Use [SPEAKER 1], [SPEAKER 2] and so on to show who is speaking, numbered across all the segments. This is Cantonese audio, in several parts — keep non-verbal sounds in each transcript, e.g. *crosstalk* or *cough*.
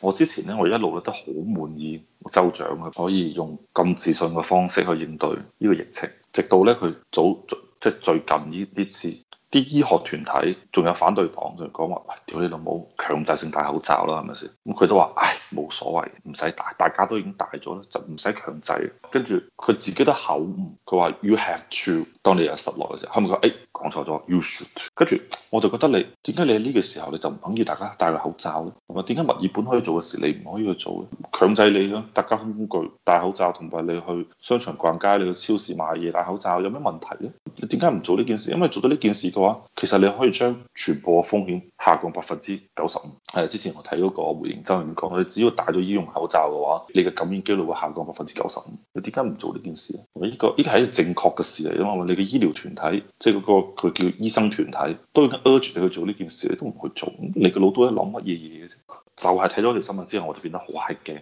[SPEAKER 1] 我之前呢，我一路都好滿意州長可以用咁自信嘅方式去應對呢個疫情，直到呢，佢早，即係最近呢啲次。啲醫學團體仲有反對黨就講話喂，屌你老母強制性戴口罩啦，係咪先？咁佢都話唉，冇所謂，唔使戴，大家都已經戴咗啦，就唔使強制。跟住佢自己都口誤，佢話 you have to，當你有失落嘅時候，後尾佢話誒講錯咗，you should。跟住我就覺得你點解你喺呢個時候你就唔肯要大家戴個口罩呢？同埋點解墨爾本可以做嘅事你唔可以去做呢？強制你咯，大家工具戴口罩同埋你去商場逛街，你去超市買嘢戴口罩有咩問題呢？你點解唔做呢件事？因為做到呢件事嘅話，其實你可以將全部嘅風險下降百分之九十五。係之前我睇嗰個回應周講，你只要戴咗醫用口罩嘅話，你嘅感染機率會下降百分之九十五。你點解唔做呢件事啊？呢個呢個係一個正確嘅事嚟，因為你嘅醫療團體，即係嗰個佢叫醫生團體，都已經 urge 你去做呢件事，你都唔去做。你個腦都喺度諗乜嘢嘢嘅啫？就係睇咗條新聞之後，我就變得好閪驚。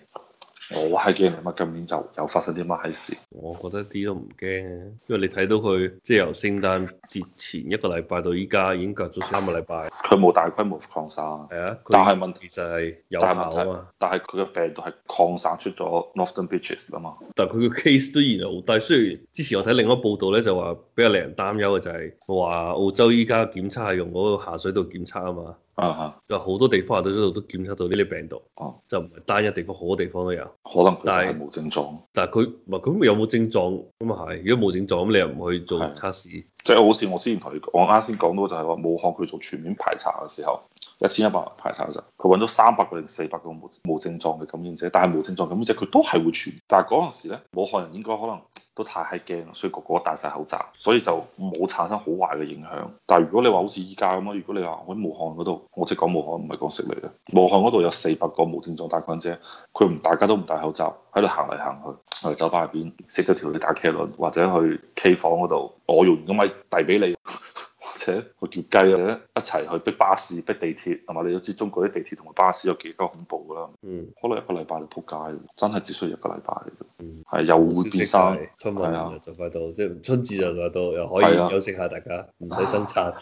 [SPEAKER 1] 我係驚啊！乜今年就又發生啲乜閪事？我
[SPEAKER 2] 覺得啲都唔驚，因為你睇到佢即係由聖誕節前一個禮拜到依家已經隔咗三個禮拜，佢冇、啊、大規模擴散。係啊，但係問題其實係有效嘛問題。但係佢嘅病毒係擴散出咗 Northern Beaches 啊嘛，但係佢嘅 case 都仍然好低。但雖然之前我睇另外一報道咧，就話比較令人擔憂嘅就係、是、話澳洲依家檢測係用嗰個下水道檢測啊嘛。啊哈！就好、uh huh. 多地方喺度都檢測到呢啲病毒，uh huh. 就唔係單一地方，好多地方都有。可能佢真係冇症狀，但係佢但係佢有冇症狀？咁咪係。如果冇症狀咁，你又唔去做測試。Uh huh. 即係好似我之前同你講，我啱先講到
[SPEAKER 1] 就係話，武漢佢做全面排查嘅時候，一千一百人排查嘅時候，佢揾咗三百個人，四百個無無症狀嘅感染者，但係無症狀感染者佢都係會傳。但係嗰陣時咧，武漢人應該可能都太閪驚，所以個個都戴晒口罩，所以就冇產生好壞嘅影響。但係如果你話好似依家咁啊，如果你話喺武漢嗰度，我即係講武漢，唔係講悉尼嘅。武漢嗰度有四百個無症狀帶菌者，佢唔大家都唔戴口罩，喺度行嚟行去，喺酒吧入邊識咗條女打茄輪，或者去。K 房嗰度，我用嘅咪遞俾你，或者去叫雞或者一齊去逼巴士、逼地鐵，係嘛？你都知中國啲地鐵同巴士有幾多恐怖㗎啦。
[SPEAKER 2] 嗯。可能一個禮拜就仆街，
[SPEAKER 1] 真係只需要一個禮拜嚟啫。嗯。係又會變生，
[SPEAKER 2] 係啊，就快到即、啊、春節就快到，又可以休息下大家，唔使、啊、生產。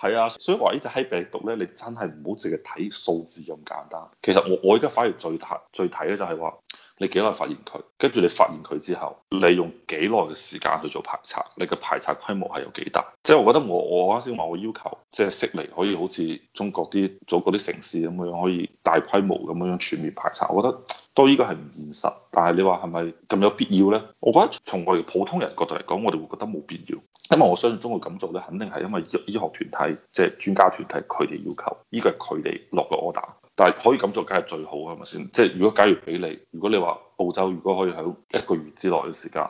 [SPEAKER 2] 係 *laughs* *laughs* 啊，所以話呢隻喺病毒咧，你真係唔好淨係睇
[SPEAKER 1] 數字咁簡單。其實我我依家反而最睇最睇咧就係話。你幾耐發現佢？跟住你發現佢之後，你用幾耐嘅時間去做排查？你嘅排查規模係有幾大？即係我覺得我我啱先話我要求，即係悉尼可以好似中國啲早嗰啲城市咁樣，可以大規模咁樣全面排查。我覺得都依個係唔現實，但係你話係咪咁有必要呢？我覺得從我哋普通人角度嚟講，我哋會覺得冇必要，因為我相信中國咁做咧，肯定係因為醫學團體即係專家團體佢哋要求，呢個係佢哋落個 order。但係可以咁做，梗係最好啦，係咪先？即係如果假如俾你，如果你話澳洲，如果可以喺一個月之內嘅時間，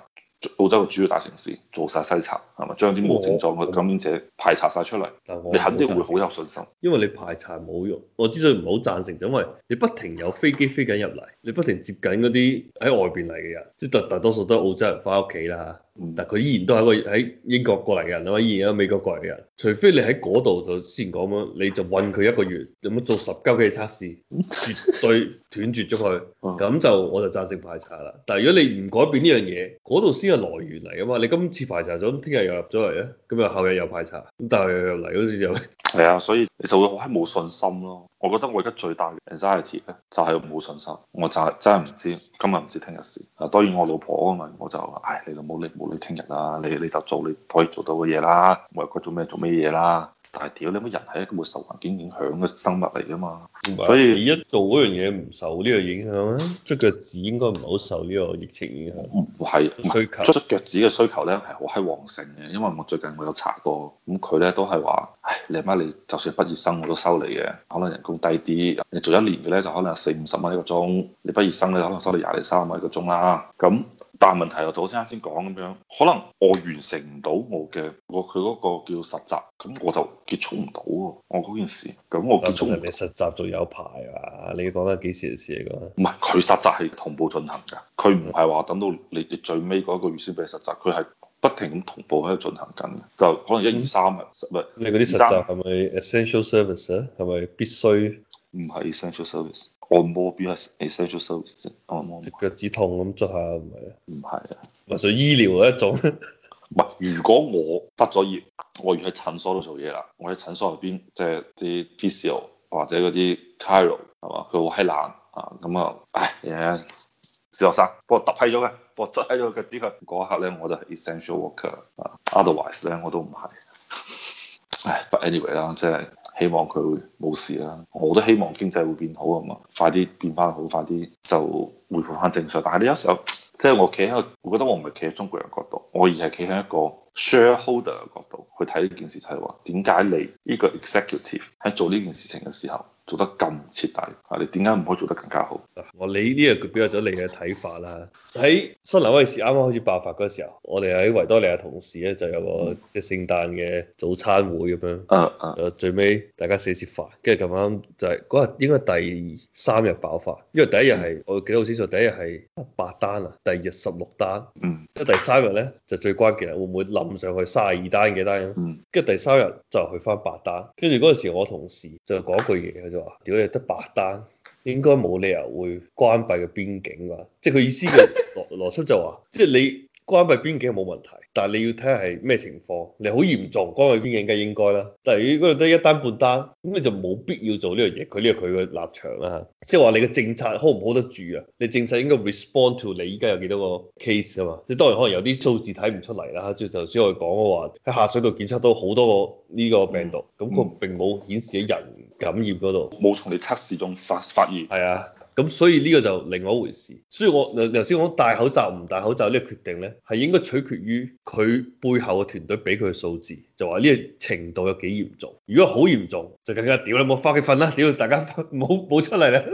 [SPEAKER 1] 澳洲嘅主要大城市做晒篩查，係咪將啲無症狀嘅感染者排查晒出嚟？
[SPEAKER 2] 但你肯定會好有信心。因為你排查冇用，我之所以唔好贊成，就因為你不停有飛機飛緊入嚟，你不停接緊嗰啲喺外邊嚟嘅人，即係大大多數都係澳洲人翻屋企啦。但佢依然都係個喺英國過嚟嘅人啊嘛，依然喺美國過嚟嘅人。除非你喺嗰度就之前講咁，你就韞佢一個月，咁做十級嘅測試，絕對斷絕咗佢。咁 *laughs* 就我就贊成排查啦。但係如果你唔改變呢樣嘢，嗰度先係來源嚟嘅嘛。你今次排查咗，聽日又入咗嚟咧，咁又後日又排查，咁但係又入嚟嗰陣時
[SPEAKER 1] 就係啊，所以你就會好閪冇信心
[SPEAKER 2] 咯。我覺
[SPEAKER 1] 得我而家最大嘅 anxiety 咧，就係、是、冇信心，我就係真係唔知今日唔知聽日事。啊，當然我老婆安慰我就話，唉你老母，你冇你聽日啊，你你就做你可以做到嘅嘢啦，我而家做咩做咩嘢啦。但係屌你乜人係一個會受環境影響嘅生物嚟㗎嘛。哇所以而
[SPEAKER 2] 家做嗰樣嘢唔受呢個影響咧，捽腳趾應該唔係好受呢個疫情影響。唔係，是需求捽腳趾嘅需求咧係好閪旺盛嘅，因為我最近我有
[SPEAKER 1] 查過，咁佢咧都係話。你阿媽，你，就算畢業生我都收你嘅，可能人工低啲。你做一年嘅咧，就可能有四五十蚊一個鐘；你畢業生咧，你可能收你廿零三十蚊一個鐘啦。咁但係問題又到，我啱先講咁樣，可能我完成唔到我嘅我佢嗰個叫實習，咁我就結束唔到我嗰件事。咁我結束。但係你實習仲有排啊？你講得幾時嘅事嚟講？唔係佢實習係同步進行㗎，佢唔係話等到你你最尾嗰個月先俾你實習，佢係。不停咁同步喺度進行緊，就可能一、二、三日，唔係你嗰啲實習係
[SPEAKER 2] 咪 essential service 啊？係咪必須唔係 essential service？按摩邊係 essential service？按摩腳趾痛咁捽下，唔係唔係啊？或者醫療係一種？唔係、啊啊，如果我畢咗業，
[SPEAKER 1] 我要喺診所度做嘢啦，我喺診所入邊即係啲 physio 或者嗰啲 chiro 係嘛？佢好閪懶啊，咁啊唉！Yes. 小學生，我揼批咗嘅，我捽咗個腳趾嗰一刻咧，我就係 essential worker，otherwise 咧我都唔係。唉 *laughs* ，but anyway 啦，即係希望佢冇事啦。我都希望經濟會變好啊嘛，快啲變翻好，快啲就回復翻正常。但係你有時候，即係我企喺我覺得我唔係企喺中國人角度，我而係企喺一個 shareholder 嘅角度去睇呢件事，就係話點解你呢、呢個 executive 喺做呢件事情嘅時候，做得咁徹底嚇，你點解唔可以做得更加好？
[SPEAKER 2] 我你呢個表達咗你嘅睇法啦。喺新南威士啱啱開始爆發嗰時候，我哋喺維多利亞同事咧就有個即係聖誕嘅早餐會咁樣。啊啊！最尾大家食完飯，跟住咁啱就係嗰日應該第三日爆發，因為第一日係我記得好清楚，第一日係八單啊，第二日十六單。嗯。咁第三日咧就最關鍵啦，會唔會諗上去卅二單幾單，啊？跟住、嗯、第三日就去翻八單，跟住嗰陣時我同事就講句嘢。屌，你得八單，應該冇理由會關閉個邊境啩。即係佢意思嘅邏邏輯就話：即係你。關閉邊境冇問題，但係你要睇下係咩情況。你好嚴重關閉邊境梗應該啦，但係如果嗰度得一單半單，咁你就冇必要做呢樣嘢。佢、這、呢個佢嘅立場啦，即係話你嘅政策 hold 唔 hold 得住啊？你政策應該 respond to 你依家有幾多個 case 啊嘛？你當然可能有啲數字睇唔出嚟啦。即係頭先我哋講嘅話，喺下水道檢測到好多個呢個病毒，咁佢、嗯嗯、並冇顯示喺人感染嗰度，冇從你測試中發發現。係啊。咁所以呢個就另外一回事，所以我頭先講戴口罩唔戴口罩呢個決定呢，係應該取決於佢背後嘅團隊俾佢嘅數字，就話呢個程度有幾嚴重。如果好嚴重，就更加屌啦，冇返屋企瞓啦，屌大家冇冇出嚟啦。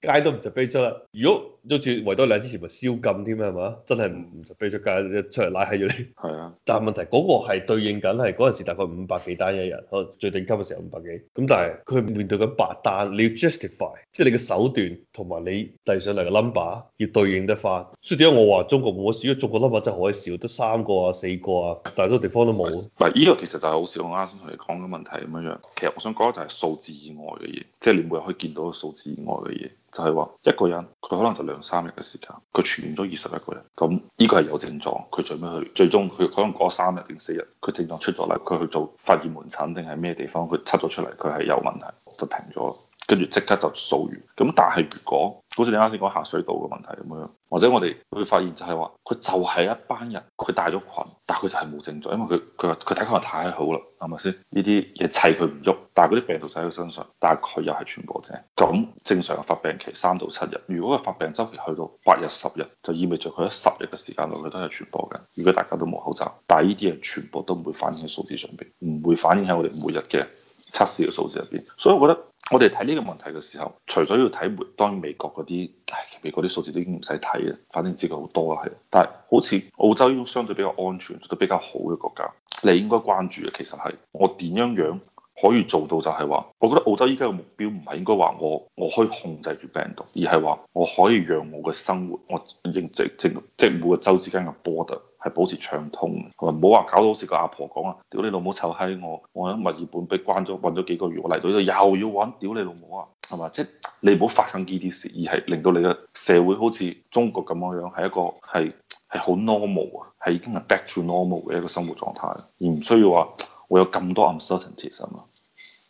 [SPEAKER 2] 街都唔食飛出啦！如果好似維多利亞之前咪燒禁添啊，係嘛？真係唔唔食飛出街，一出嚟拉閪咗你。係啊，但係問題嗰個係對應緊係嗰陣時大概五百幾單一日，最頂級嘅時候五百幾。咁但係佢面對緊百單，你要 justify，即係你嘅手段同埋你遞上嚟嘅 number 要對應得翻。所以點解我話中國冇咁少？因為中國 number 真係可以少，得三個啊、四個啊，但大多地方都冇。嗱，
[SPEAKER 1] 呢個其實就係好似我啱先同你講嘅問題咁樣樣。其實我想講就係數字以外嘅嘢，即係你每日可以見到嘅數字以外嘅嘢。就係話一個人，佢可能就兩三日嘅時間，佢傳染咗二十一個人，咁呢、這個係有症狀，佢最屘去最終佢可能過三日定四日，佢症狀出咗嚟，佢去做發熱門診定係咩地方，佢測咗出嚟，佢係有問題，就停咗。跟住即刻就掃完。咁但係如果好似你啱先講下水道嘅問題咁樣，或者我哋會發現就係話佢就係一班人，佢帶咗菌，但係佢就係冇症狀，因為佢佢話佢抵抗力太好啦，係咪先？呢啲嘢砌佢唔喐，但係嗰啲病毒就喺佢身上，但係佢又係傳播者。咁正常嘅發病期三到七日，如果佢發病周期去到八日十日，就意味著佢喺十日嘅時間內佢都係傳播嘅。如果大家都冇口罩，但係呢啲嘢全部都唔會反映喺數字上邊，唔會反映喺我哋每日嘅測試嘅數字入邊。所以我覺得。我哋睇呢個問題嘅時候，除咗要睇美當然美國嗰啲，唉，美國啲數字都已經唔使睇啦，反正知道好多啊，係。但係好似澳洲呢種相對比較安全、做得比較好嘅國家，你應該關注嘅其實係我點樣樣可以做到就係話，我覺得澳洲依家嘅目標唔係應該話我我可以控制住病毒，而係話我可以讓我嘅生活，我認即即即每個州之間嘅 border 係保持暢通，唔好話搞到好似個阿婆講啊：「屌 *music* 你老母臭閪我，我喺墨爾本被關咗揾咗幾個月，我嚟到呢度又要揾，屌、 *music* 就是、你老母啊，係嘛？即係你唔好發生呢啲事，而係令到你嘅社會好似中國咁樣樣，係一個係係好 normal 啊，係已經係 back to normal 嘅一個生活狀態，而唔需要話我有咁多 uncertainty 啊嘛。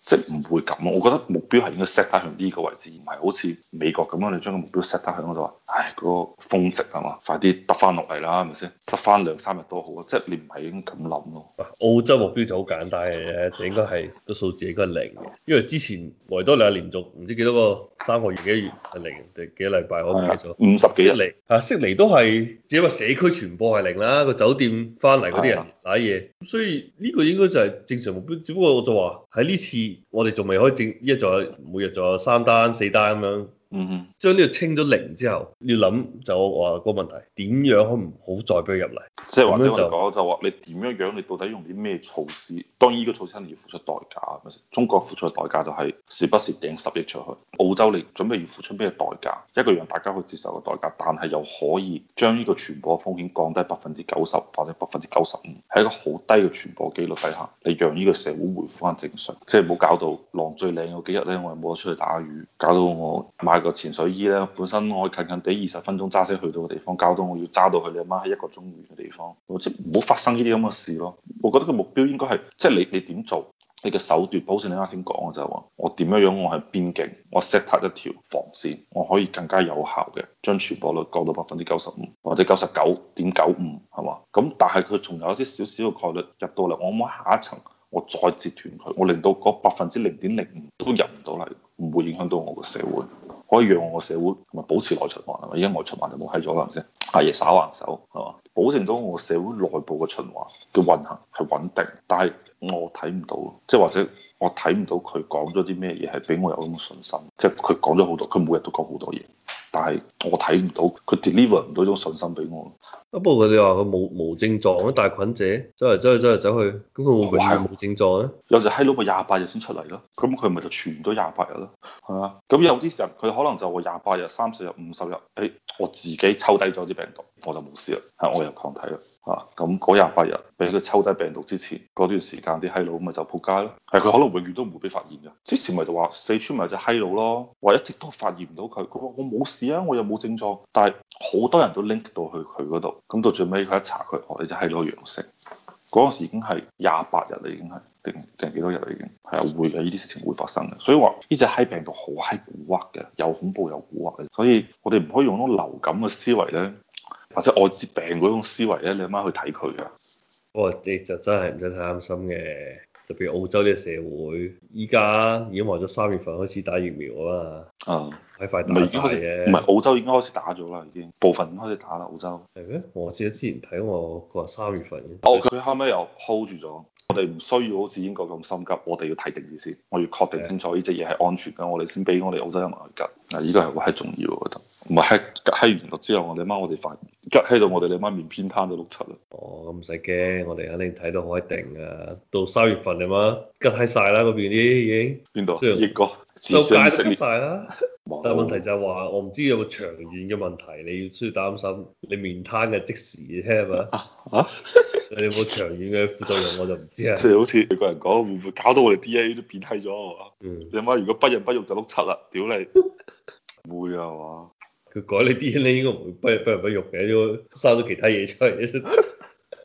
[SPEAKER 1] 即係唔會咁咯，我覺得目標係應該 set 翻向呢個位置，唔係好似美國咁樣你將個目標 set 翻向我就話，唉嗰個峰值係嘛，快啲得翻落嚟啦，係咪先？
[SPEAKER 2] 得翻兩三日都好啊，即係你唔係應該咁諗咯。澳洲目標就好簡單嘅啫，就應該係個數字應該係零。因為之前維多利亞連續唔知幾多個三個月幾月係零定幾多禮拜，我唔記咗。五十幾日零啊，悉尼都係只不過社區傳播係零啦，個酒店翻嚟嗰啲人。所以呢個應該就係正常目標。只不過我就話喺呢次我哋仲未可以正，依家仲有每日仲有三單四單咁樣。嗯，嗯，將呢個清咗零之後，要諗就話個問題，點樣可唔好再俾佢入嚟？即係或者嚟講，
[SPEAKER 1] 就話你點樣樣？你到底用啲咩措施？當然呢個措施肯定要付出代價。咁啊，中國付出代價就係時不時掟十億出去。澳洲你準備要付出咩代價？一個讓大家去接受嘅代價，但係又可以將呢個傳播風險降低百分之九十或者百分之九十五，喺一個好低嘅傳播機率底下，你讓呢個社會回復翻正常，即係唔好搞到浪最靚嗰幾日咧，我又冇得出去打魚，搞到我個潛水衣咧，本身我可以近近地二十分鐘揸車去到嘅地方，搞到我要揸到去你阿媽喺一個鐘遠嘅地方，即係唔好發生呢啲咁嘅事咯。我覺得個目標應該係即係你你點做，你嘅手段，好似你啱先講嘅就話我點樣樣，我係邊境，我 set 下一條防線，我可以更加有效嘅將傳播率降到百分之九十五或者九十九點九五，係嘛？咁但係佢仲有啲少少嘅概率入到嚟，我可唔可下一層我再截斷佢，我令到嗰百分之零點零五都入唔到嚟，唔會影響到我個社會。可以讓我個社會保持內循環，係咪？因為外循環就冇喺咗啦，先阿爺耍橫手，係保證到我社會內部嘅循環嘅運行係穩定，但係我睇唔到，即係或者我睇唔到佢講咗啲咩嘢係俾我有咁嘅信心，即係佢講咗好多，佢每日都講好多嘢，但係我睇唔到佢 deliver 唔到一種信
[SPEAKER 2] 心俾我。不過佢哋話佢冇冇症狀咧，帶菌者走嚟走去走嚟走,走去，咁佢會唔會係冇症狀咧？ *laughs* 有隻閪佬咪廿八日先出嚟咯，咁佢咪就傳多廿八日咯，
[SPEAKER 1] 係啊。咁有啲人佢可能就廿八日、三四日、五十日，誒，我自己抽低咗啲病毒，我就冇事啦，係我。抗體啦嚇，咁嗰廿八日俾佢抽低病毒之前，嗰段時間啲閪佬咪就撲街咯。係佢可能永遠都唔會被發現嘅。之前咪就話四川咪有隻閪佬咯，話一直都發現唔到佢，佢話我冇事啊，我又冇症狀。但係好多人都 link 到去佢嗰度，咁到最尾佢一查佢哦，呢隻閪佬陽性。嗰陣時已經係廿八日啦，已經係定定幾多日啦，已經係會嘅。呢啲事情會發生嘅，所以話呢隻閪病毒好閪古惑嘅，又恐怖又古惑嘅。所以我哋唔可以用嗰種流感嘅思維咧。或者愛滋病嗰種思維咧，你阿媽去睇佢啊！
[SPEAKER 2] 我、哦、你就真係唔使太擔心嘅，特別澳洲呢個社會，依家、啊、已經話咗三月份開始打疫苗啊嘛，啊、嗯，喺快打曬嘅，唔係澳洲已經
[SPEAKER 1] 開始,開始打咗啦，已經部分已開始
[SPEAKER 2] 打啦，澳洲係咩？我之之前睇我佢話三月份，
[SPEAKER 1] 哦，佢後尾又 hold 住咗。我哋唔需要好似英國咁心急，我哋要睇定意思。我要確定清楚呢隻嘢係安全噶，我哋先俾我哋澳洲人民去吉，嗱，呢個係好係重要，我覺得。唔係喺吉喺完咗之後，我哋媽我哋快
[SPEAKER 2] 吉喺到我哋你媽面偏癱到六七，啦。哦，咁唔使驚，我哋肯定睇到可一定啊。到三月份你媽吉喺晒啦，嗰邊啲已經邊度？英國，收界都跟晒啦。 *laughs* 但係問題就係、是、話，我唔知有冇長遠嘅問題，你需要擔心。你面癱嘅即時啫，係咪啊？ *laughs* 你有冇長遠嘅副作用我就唔知啦。即係好似你個人講，會唔會搞到我哋 DNA 都變低咗啊？嗯。你媽如果不孕不育就碌柒啦，屌你！唔會啊！佢改你啲咧，應該唔會不不孕不育嘅，應該生咗其他嘢出嚟。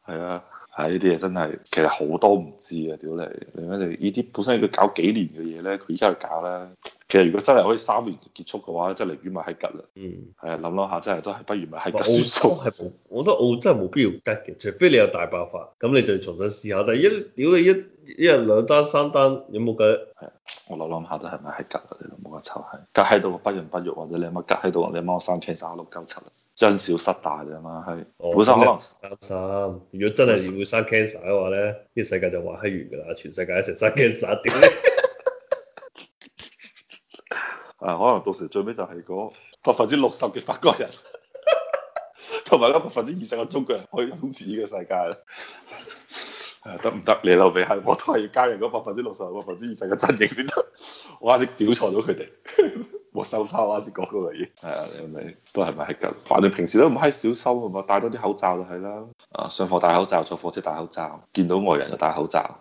[SPEAKER 2] 係 *laughs* 啊，
[SPEAKER 1] 係呢啲嘢真係其實好多唔知啊！屌你，你咩？呢啲本身佢搞幾年嘅嘢咧，佢而家去搞啦。其實如果
[SPEAKER 2] 真係可以三年結束嘅話，真係寧願咪喺吉啦。嗯，係啊，諗諗下真係都係不如咪喺吉。係，我覺得澳真係冇必要吉嘅，除非你有大爆發，咁你就要重新試下。但係一屌你一一日兩單三單有冇計？我諗諗下都係咪喺吉冇得
[SPEAKER 1] 抽係。吉喺度不仁不義，或者你阿媽吉喺度？你阿媽生 cancer 六九七，真少失大
[SPEAKER 2] 啊嘛，係。哦。小心，如果真係要生 cancer 嘅話咧，呢世界就玩完噶啦，全世界一齊生 cancer，點咧？啊，可能到時候最尾就係嗰百分之六十嘅法國人
[SPEAKER 1] *laughs* 同埋嗰百分之二十嘅中國人可以統治呢個世界咧、 *laughs* 啊。係得唔得？你老味係，我都係要加入嗰百分之六十、百分之二十嘅陣營先得。我啱先屌錯咗佢哋，我收翻我啱先講到嚟嘅。係啊，你咪都係咪係咁？反正平時都唔閪小心係嘛，戴多啲口罩就係啦。啊，上課戴口罩，坐火車戴口罩，見到外人就戴口罩。